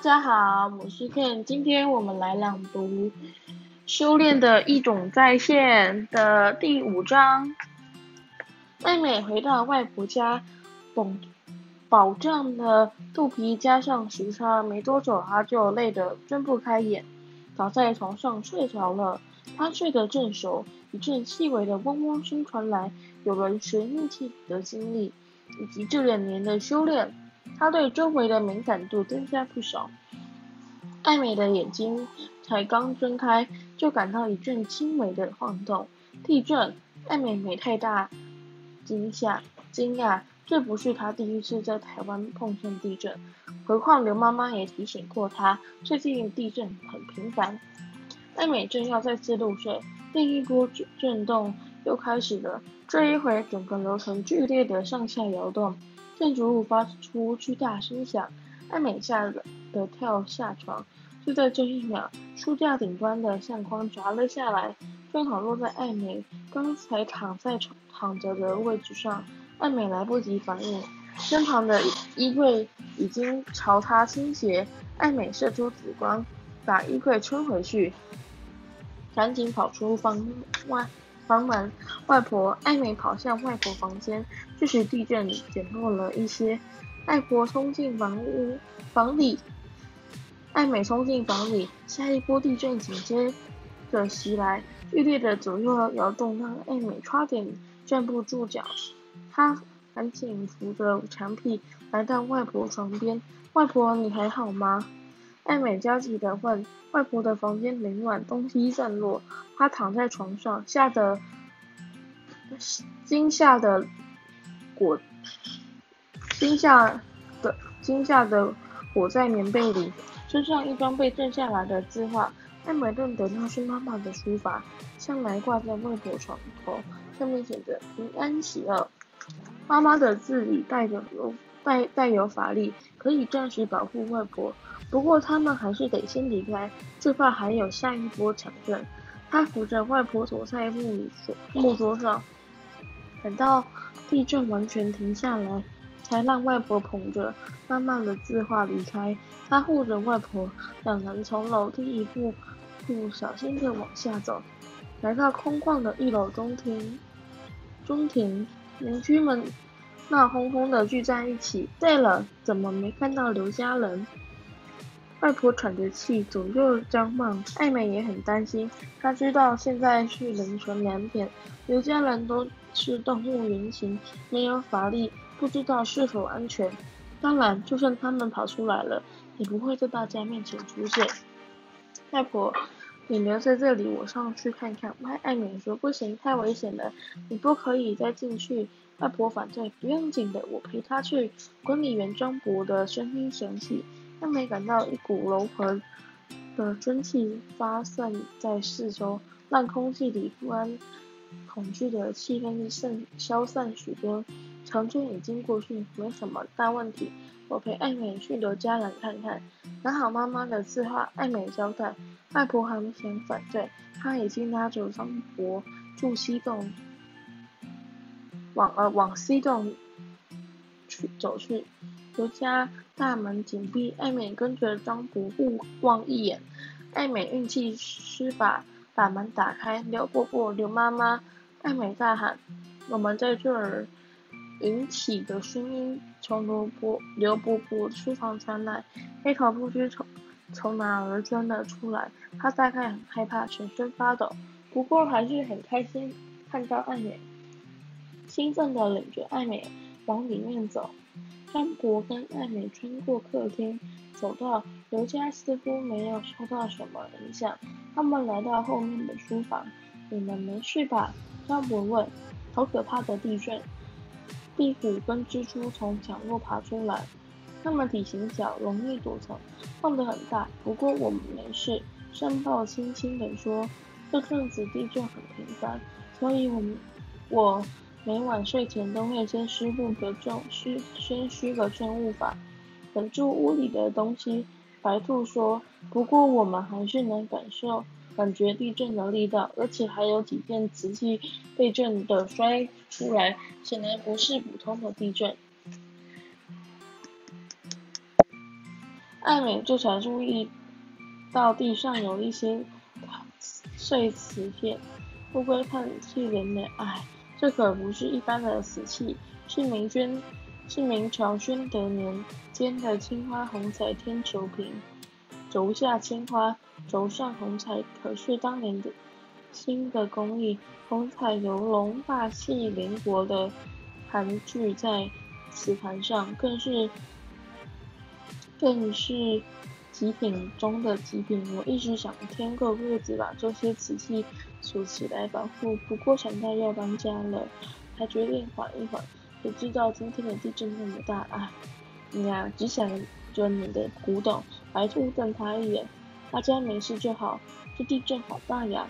大家好，我是 Ken，今天我們來朗讀《修煉異種再現》的第五章。妹妹 回到外婆家，飽飽脹的肚皮加上時差，沒多久她就累得睜不開眼，倒在床上睡着了。她睡得正熟，一陣細微的嗡嗡聲傳來，有人神氣的經歷，以及這兩年的修煉。她對周圍的敏感度增加不少。艾美的眼睛才剛睜開，就感到一陣輕微的晃動。地震！艾美沒太大驚嚇，驚訝，這不是她第一次在台灣碰上地震。何況劉媽媽也提醒過她，最近地震很頻繁。艾美正要再次入睡，另一波震動又開始了。這一回，整個樓層劇烈的上下搖動。建築物發出巨大聲響，艾美嚇得跳下床。就在這一秒，書架頂端的相框砸了下來，正好落在艾美剛才躺在床躺着的位置上。艾美來不及反應，身旁的衣櫃已經朝她傾斜。艾美射出紫光，把衣櫃撐回去，趕緊跑出房間外。房門，外婆艾美跑向外婆房間，這時地震減弱了一些。外婆衝進房屋，房裡，艾美衝進房裡。下一波地震緊接着襲來，劇烈的左右搖動讓艾美差點站不住腳，她趕緊扶着牆壁來到外婆床邊：“外婆，你還好嗎？”艾美焦急地問：“外婆的房間凌亂，東西散落。她躺在床上，嚇得驚嚇的裹，驚嚇的驚嚇的裹在棉被裡，身上一張被震下來的字畫。艾美認得那是媽媽的書法，向來掛在外婆床頭，上面寫着‘平安喜樂’媽媽。媽媽的字裡帶着柔。”帶帶有法力，可以暫時保護外婆。不過他們還是得先離開，最怕還有下一波強震。他扶着外婆坐在木里，木桌上，等到地震完全停下來，才讓外婆捧着，慢慢的自畫離開。他護着外婆，兩人從樓梯一步步小心的往下走，來到空曠的一樓中庭。中庭，鄰居們。鬧哄哄的聚在一起。對了，怎麼沒看到劉家人？外婆喘着氣左右張望，艾美也很擔心。她知道現在是凌晨兩點，劉家人都是動物原型，沒有法力，不知道是否安全。當然，就算他們跑出來了，也不會在大家面前出現。外婆，你留在這裡，我上去看看。外艾美說：“不行，太危險了，你不可以再進去。”外婆反對，不用緊的，我陪她去。管理員張博的聲音響起，艾美感到一股柔和的真氣發散在四周，讓空氣裡不安、恐懼的氣氛，消散許多。長春已經過去，沒什麼大問題，我陪艾美去劉家人看看，拿好媽媽的字畫。艾美交代。外婆還沒想反對，她已經拉着張博住西洞。往呃、往西棟去走去，劉家大門緊閉。艾美跟着張伯伯望一眼，艾美運氣施法把，把門打開。劉伯伯、劉媽媽，艾美大喊：“我們在這兒！”引起的聲音從劉伯劉伯伯書房傳來。黑桃不知從從哪兒鑽了出來，他大概很害怕，全身發抖，不過還是很開心看到艾美。興奮地領着艾美往裡面走，張伯跟艾美穿過客廳，走到劉家似乎沒有受到什麼影響。他們來到後面的書房。你們沒事吧？張伯問。好可怕的地震！壁虎跟蜘蛛從角落爬出來，它們體型小，容易躲藏，晃得很大。不過我們沒事，山豹輕輕地說。這陣子地震很頻繁，所以我們我。每晚睡前都會先施布個咒，虛先虛個生物法，穩住屋裡的東西。白兔說：“不過我們還是能感受感覺地震的力道，而且還有幾件瓷器被震的摔出來，顯然不是普通的地震。”艾美這才注意到地上有一些碎瓷，呃、片。烏龜嘆氣：“人類，唉。”這可不是一般的瓷器是明宣，是明朝宣德年間的青花紅彩天球瓶，釉下青花，釉上紅彩，可是當年的新的工藝。紅彩遊龍霸氣凌薄的盤踞在瓷盤上，更是，更是。極品中的極品，我一直想添個位子把這些瓷器鎖起來保護，不過想到要搬家了，還決定緩一緩。誰知道今天的地震那麼大？啊，你呀、啊，只想着你的古董。白兔瞪他一眼。大家沒事就好。這地震好大呀！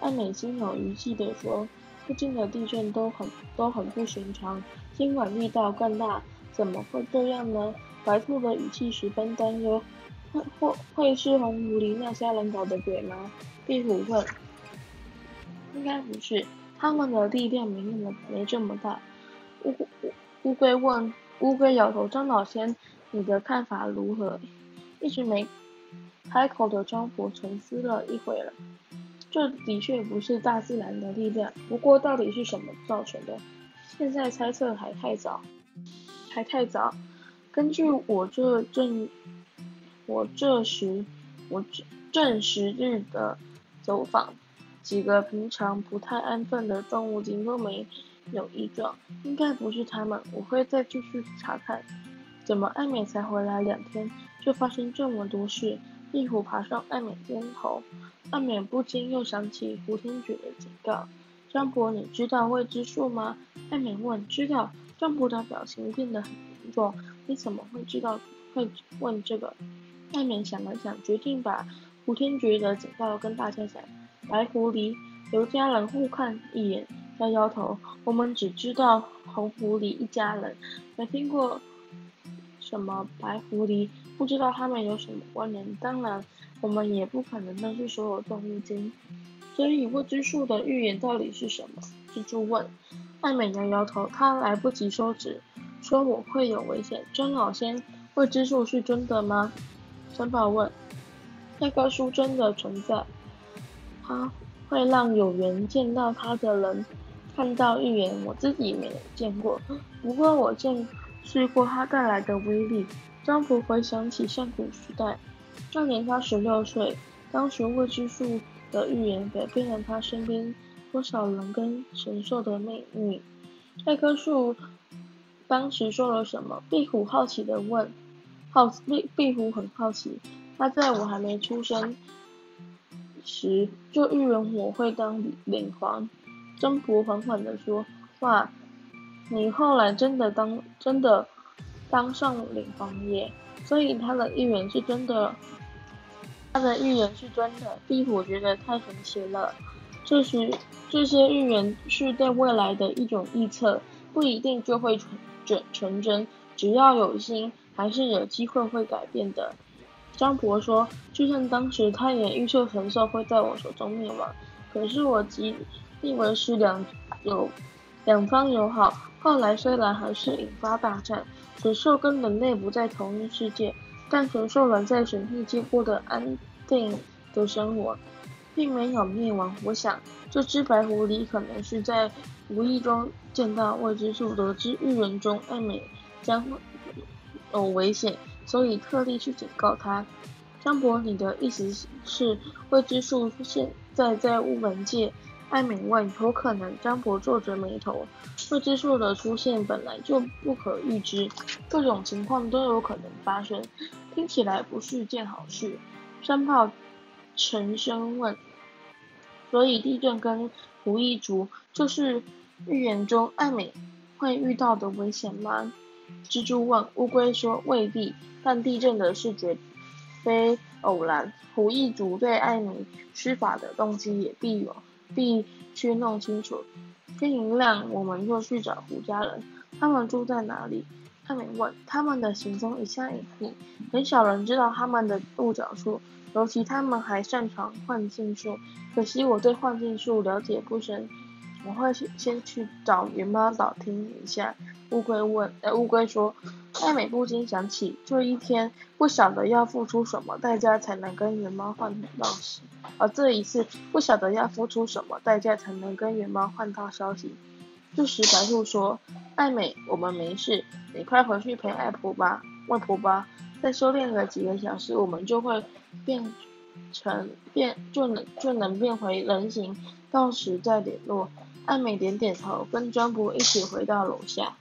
愛美心有餘悸地說：“附近的地震都很都很不尋常，今晚力道更大，怎麼會這樣呢？”白兔的語氣十分擔憂。會會是紅狐狸那些人搞的鬼嗎？壁虎問。應該不是，他們的力量沒那麼沒這麼大。烏烏龜問。烏龜搖頭。張老仙，你的看法如何？一直沒開口的張伯沉思了一會兒了。這的確不是大自然的力量，不過到底是什麼造成的？現在猜測還太早，還太早。根據我這證。我這時，我正時日的走訪，幾個平常不太安分的動物精都沒有異狀，應該不是他們。我會再繼續查看。怎麼艾美才回來兩天就發生這麼多事？壁虎爬上艾美肩頭，艾美不禁又想起胡天舉的警告。張伯，你知道未知數嗎？艾美問。知道。張伯的表情變得很凝重。你怎麼會知道？會問這個？艾美想了想，決定把胡天覺的警告跟大家講。白狐狸、劉家人互看一眼，搖搖頭。我們只知道紅狐狸一家人，沒聽過什麼白狐狸，不知道他們有什麼關聯。當然，我們也不可能認識所有動物精。所以未知數的預言到底是什麼？蜘蛛問。艾美搖搖頭，他來不及收紙，說：“我會有危險。”尊老先，未知數是真的嗎？珍寶問：“那棵樹真的存在？它會讓有緣見到它的人看到預言。我自己沒有見過，不過我見識過它帶來的威力。”張虎回想起上古時代，那年他十六歲，當時未知數的預言改變了他身邊多少人跟神獸的命運。那棵樹當時說了什麼？壁虎好奇地問。好奇壁壁虎很好奇，他在我還沒出生時就預言我會當領皇。真婆緩緩地說：“哇，你後來真的當真的當上領皇爺，所以他的預言是真的。他的預言是真的。”壁虎我覺得太神奇了。這時，這些預言是對未來的一種預測，不一定就會成成真，只要有心。還是有機會會改變的，張博說：“就像當時他也預測神獸會在我手中滅亡，可是我以為是兩有兩方友好。後來雖然還是引發大戰，神獸跟人類不在同一世界，但神獸們在神界過得安定的生活，並沒有滅亡。我想這隻白狐狸可能是在無意中見到未知數，得知預言中愛美將會。”有、哦、危險，所以特地去警告他。張博，你的意思是未知數現在在物門界？艾美問。有可能。張博皺着眉頭，未知數的出現本來就不可預知，各種情況都有可能發生，聽起來不是件好事。山炮沉聲問：“所以地震跟狐一族就是預言中艾美會遇到的危險嗎？”蜘蛛問烏龜說：“未必，但地震的事絕非偶然。胡一族對艾美施法的動機也必有，必須弄清楚。”天一亮，我們就去找胡家人。他們住在哪裡？艾美問。他們的行蹤一向隱秘，很少人知道他們的落腳處，尤其他們還擅長幻境術。可惜我對幻境術了解不深。我會先先去找雲貓打聽一下。烏龜問：“哎、呃，烏龜說，艾美不禁想起，這一天不曉得要付出什麼代價才能跟雲貓換到時，而、啊、這一次不曉得要付出什麼代價才能跟雲貓換到消息。”這時白兔說：“艾美，我們沒事，你快回去陪外婆吧。外婆吧，再修煉個幾個小時，我們就會變成變就能就能變回人形，到時再聯絡。”艾美點點頭，跟莊博一起回到樓下。